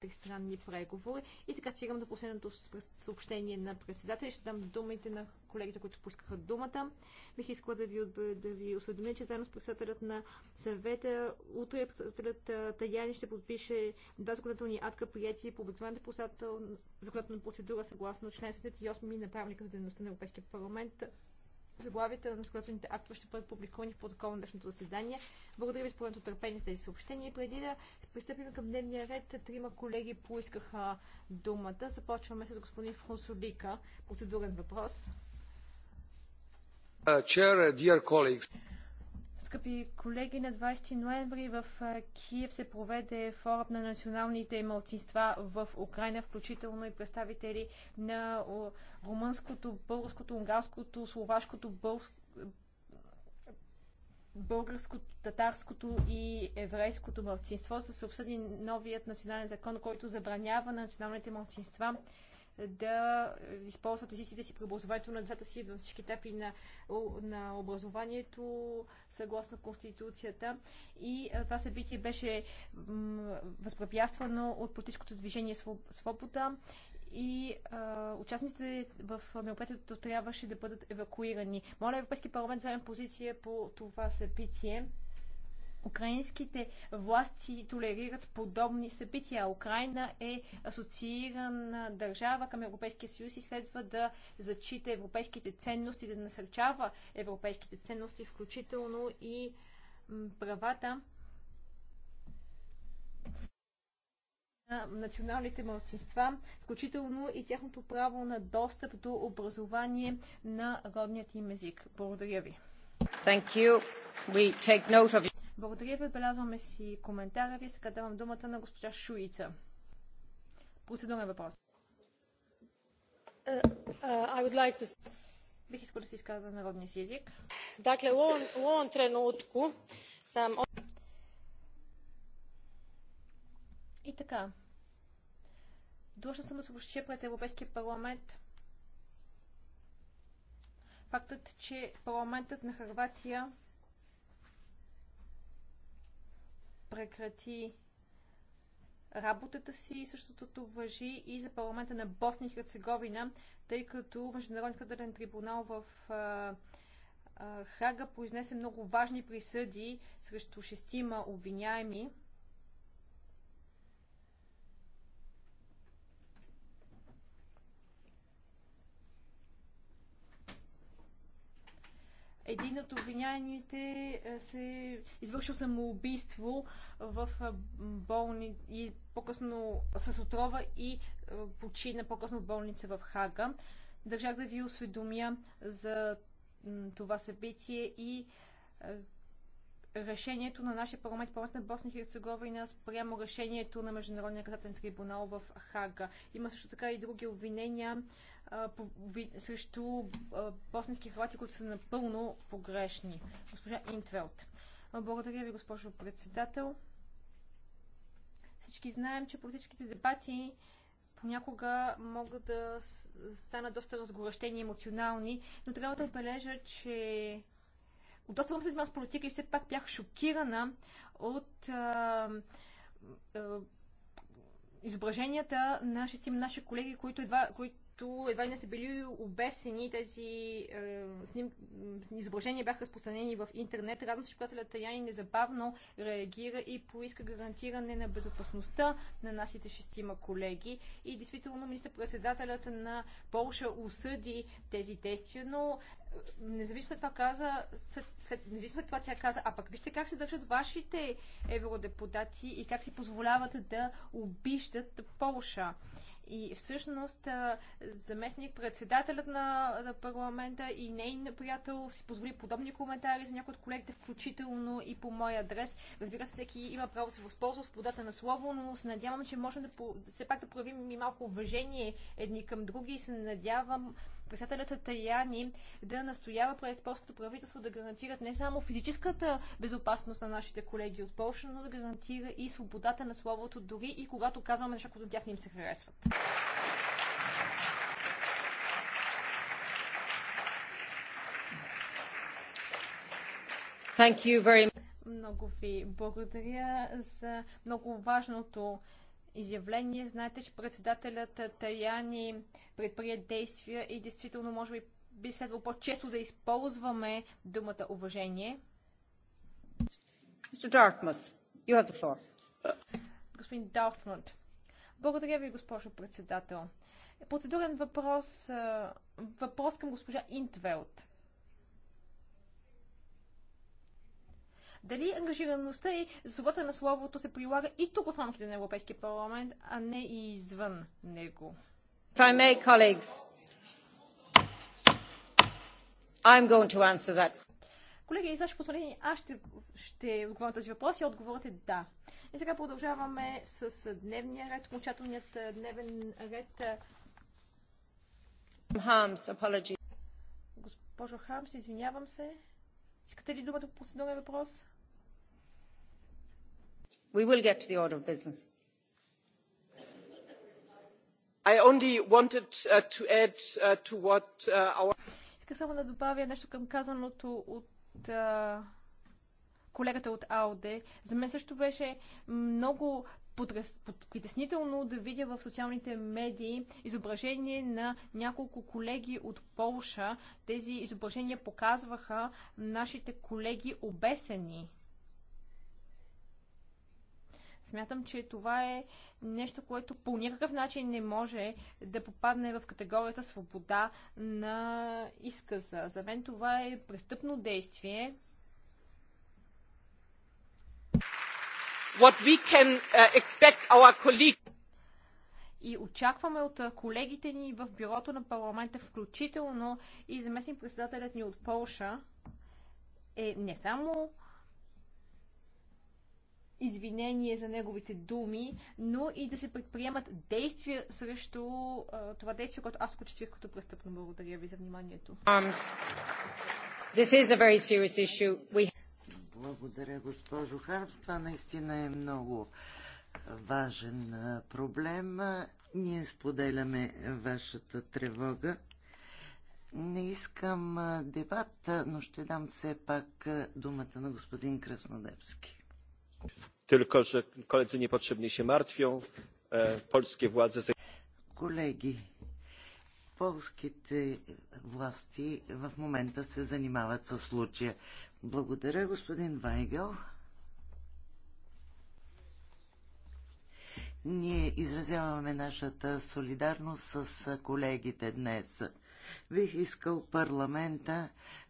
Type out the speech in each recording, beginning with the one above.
тристранни преговори. И така стигам до последното съобщение на председателя. Ще дам думите на колегите, които пускаха думата. Бих искала да ви, да ви осведомя, че заедно с председателят на съвета, утре председателят Таяни ще подпише два законодателни адка, прияти по обикновената законодателна процедура, съгласно член 78 на правилника за дейността на Европейския парламент Заглавията на законодателните актове ще бъдат публикувани в протокол на днешното заседание. Благодаря ви според търпение с тези съобщения. Преди да пристъпим към дневния ред, трима колеги поискаха думата. Започваме с господин Фрунсолика. Процедурен въпрос. Uh, chair, uh, Скъпи колеги, на 20 ноември в Киев се проведе форум на националните малцинства в Украина, включително и представители на румънското, българското, унгарското, словашкото, българското, татарското и еврейското малцинство, за да се обсъди новият национален закон, който забранява на националните малцинства да използват езиците си при образованието на децата си във всички етапи на, на образованието, съгласно Конституцията. И това събитие беше възпрепятствано от политическото движение Свобода и а, участниците в мероприятието трябваше да бъдат евакуирани. Моля Европейски парламент вземе позиция по това събитие украинските власти толерират подобни събития. Украина е асоциирана държава към Европейския съюз и следва да зачита европейските ценности, да насърчава европейските ценности, включително и правата на националните младсинства, включително и тяхното право на достъп до образование на родният им език. Благодаря ви. Thank you. We take note of you. Благодаря ви, отбелязваме си коментара ви. Сега давам думата на госпожа Шуица. Процедурен въпрос. Е, е, Бих искал да се изказа на родния си език. Дакле, u ovom, u И така. Длъжна съм да съобщя пред Европейския парламент фактът, че парламентът на Харватия прекрати работата си. Същото въжи и за парламента на Босния и Херцеговина, тъй като Международният съдебен трибунал в а, а, Хага произнесе много важни присъди срещу шестима обвиняеми. един от обвиняемите е, се извършил самоубийство в е, болни и по-късно с отрова и е, почина по-късно в болница в Хага. Държах да ви осведомя за това събитие и решението на нашия парламент, парламент на Босна и Херцеговина, спрямо решението на Международния наказателен трибунал в Хага. Има също така и други обвинения а, по, ви, срещу а, босненски хвати, които са напълно погрешни. Госпожа Интвелт. Благодаря ви, госпожо председател. Всички знаем, че политическите дебати понякога могат да станат доста разгорещени емоционални, но трябва да отбележа, че от доста време се занимавам с политика и все пак бях шокирана от а, а, изображенията на шестима наши колеги, които, едва, които които едва ли не са били обесени тези е, сним, изображения бяха разпространени в интернет. Радно се, че приятелят Таяни незабавно реагира и поиска гарантиране на безопасността на нашите шестима колеги. И действително министър-председателят на Полша осъди тези действия, но е, независимо от това каза, след, независимо от това тя каза, а пък вижте как се държат вашите евродепутати и как си позволяват да обиждат Полша. И всъщност заместник-председателят на парламента и нейн приятел си позволи подобни коментари за някои от колегите, включително и по мой адрес. Разбира се, всеки има право да се възползва с подата на слово, но се надявам, че можем да, все пак да проявим и малко уважение едни към други и се надявам председателят Таяни да настоява пред полското правителство да гарантират не само физическата безопасност на нашите колеги от Польша, но да гарантира и свободата на словото, дори и когато казваме неща, които тях не им се харесват. Thank you very much. Много ви благодаря за много важното изявление. Знаете, че председателят Таяни предприе действия и действително, може би, би следвало по-често да използваме думата уважение. Господин Дартмут. Благодаря ви, госпожо председател. Процедурен въпрос, въпрос към госпожа Интвелт. Дали ангажираността и свободата на словото се прилага и тук в рамките на Европейския парламент, а не и извън него? May, I'm going to answer that. Колеги, и ваше позволение, аз ще, ще отговоря на този въпрос и отговорът е да. И сега продължаваме с дневния ред, окончателният е, дневен ред. Хамс, Госпожо Хамс, извинявам се. Искате ли думата по процедурен въпрос? we will get to the order of business. i only wanted uh, to add uh, to what uh, our. Исках само да добавя нещо към казаното от колегата от АОДЕ. За мен също беше много притеснително да видя в социалните медии изображение на няколко колеги от Полша. Тези изображения показваха нашите колеги обесени. Смятам, че това е нещо, което по никакъв начин не може да попадне в категорията свобода на изказа. За мен това е престъпно действие. What we can uh, expect our colleague и очакваме от колегите ни в бюрото на парламента, включително и заместник председателят ни от Полша, е не само извинение за неговите думи, но и да се предприемат действия срещу а, това действие, което аз окачествих като престъпно. Благодаря ви за вниманието. We... Благодаря, госпожо Хармс. Това наистина е много важен проблем. Ние споделяме вашата тревога. Не искам дебат, но ще дам все пак думата на господин Краснодепски. Tylko, że koledzy niepotrzebnie się martwią. E, polskie władze... kolegi полските власти в момента се занимават със случая. Благодаря, господин Вайгел. Ние изразяваме нашата солидарност с колегите днес. Бих искал парламента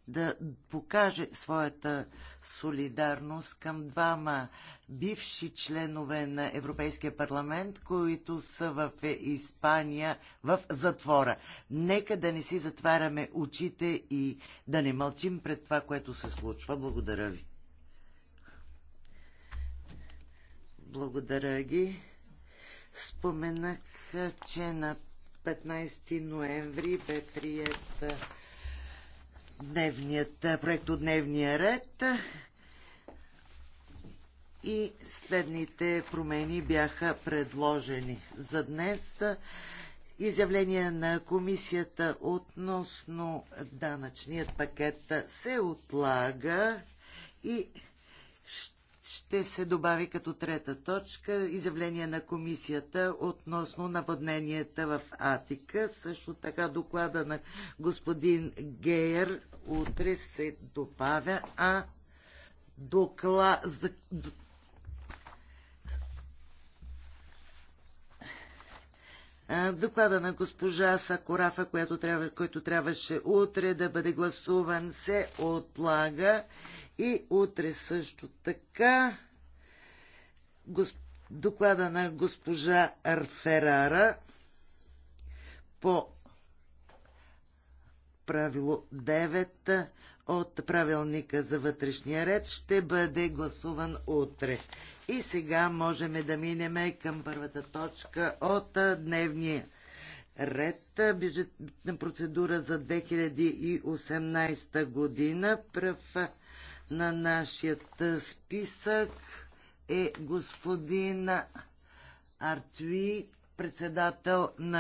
да покаже своята солидарност към двама бивши членове на Европейския парламент, които са в Испания в затвора. Нека да не си затваряме очите и да не мълчим пред това, което се случва. Благодаря ви. Благодаря ги. Споменах, че на 15 ноември бе прият дневният, проект от дневния ред и следните промени бяха предложени за днес. Изявление на комисията относно данъчният пакет се отлага и ще ще се добави като трета точка изявление на комисията относно наводненията в Атика. Също така доклада на господин Гейер утре се добавя, а доклада. за Доклада на госпожа Сакорафа, трябва, който трябваше утре да бъде гласуван, се отлага и утре също така доклада на госпожа Арферара по правило 9 от правилника за вътрешния ред ще бъде гласуван утре. И сега можем да минем към първата точка от дневния ред. Бюджетна процедура за 2018 година. Пръв на нашият списък е господин Артви, председател на